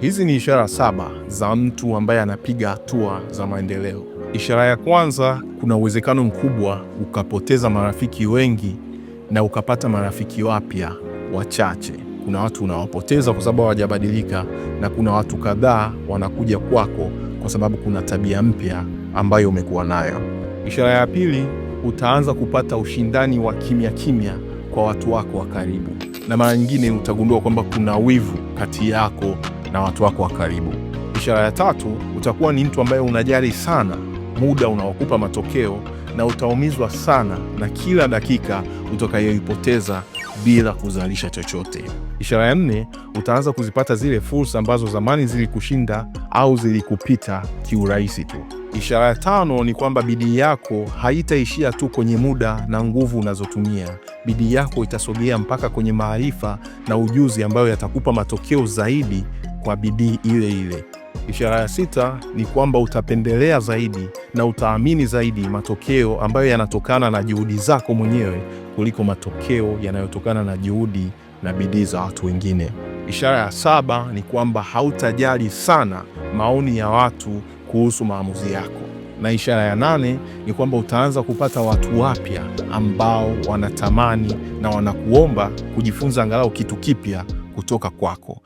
Hizi ni ishara saba za mtu ambaye anapiga hatua za maendeleo. Ishara ya kwanza, kuna uwezekano mkubwa ukapoteza marafiki wengi na ukapata marafiki wapya wachache. Kuna watu unawapoteza kwa sababu hawajabadilika, na kuna watu kadhaa wanakuja kwako kwa sababu kuna tabia mpya ambayo umekuwa nayo. Ishara ya pili, utaanza kupata ushindani wa kimya kimya kwa watu wako wa karibu, na mara nyingine utagundua kwamba kuna wivu kati yako na watu wako wa karibu. Ishara ya tatu, utakuwa ni mtu ambaye unajali sana muda unaokupa matokeo na utaumizwa sana na kila dakika utakayoipoteza bila kuzalisha chochote. Ishara ya nne, utaanza kuzipata zile fursa ambazo zamani zilikushinda au zilikupita kiurahisi tu. Ishara ya tano ni kwamba bidii yako haitaishia tu kwenye muda na nguvu unazotumia. Bidii yako itasogea mpaka kwenye maarifa na ujuzi ambayo yatakupa matokeo zaidi kwa bidii ile ile. Ishara ya sita ni kwamba utapendelea zaidi na utaamini zaidi matokeo ambayo yanatokana na juhudi zako mwenyewe kuliko matokeo yanayotokana na juhudi na bidii za watu wengine. Ishara ya saba ni kwamba hautajali sana maoni ya watu kuhusu maamuzi yako, na ishara ya nane ni kwamba utaanza kupata watu wapya ambao wanatamani na wanakuomba kujifunza angalau kitu kipya kutoka kwako.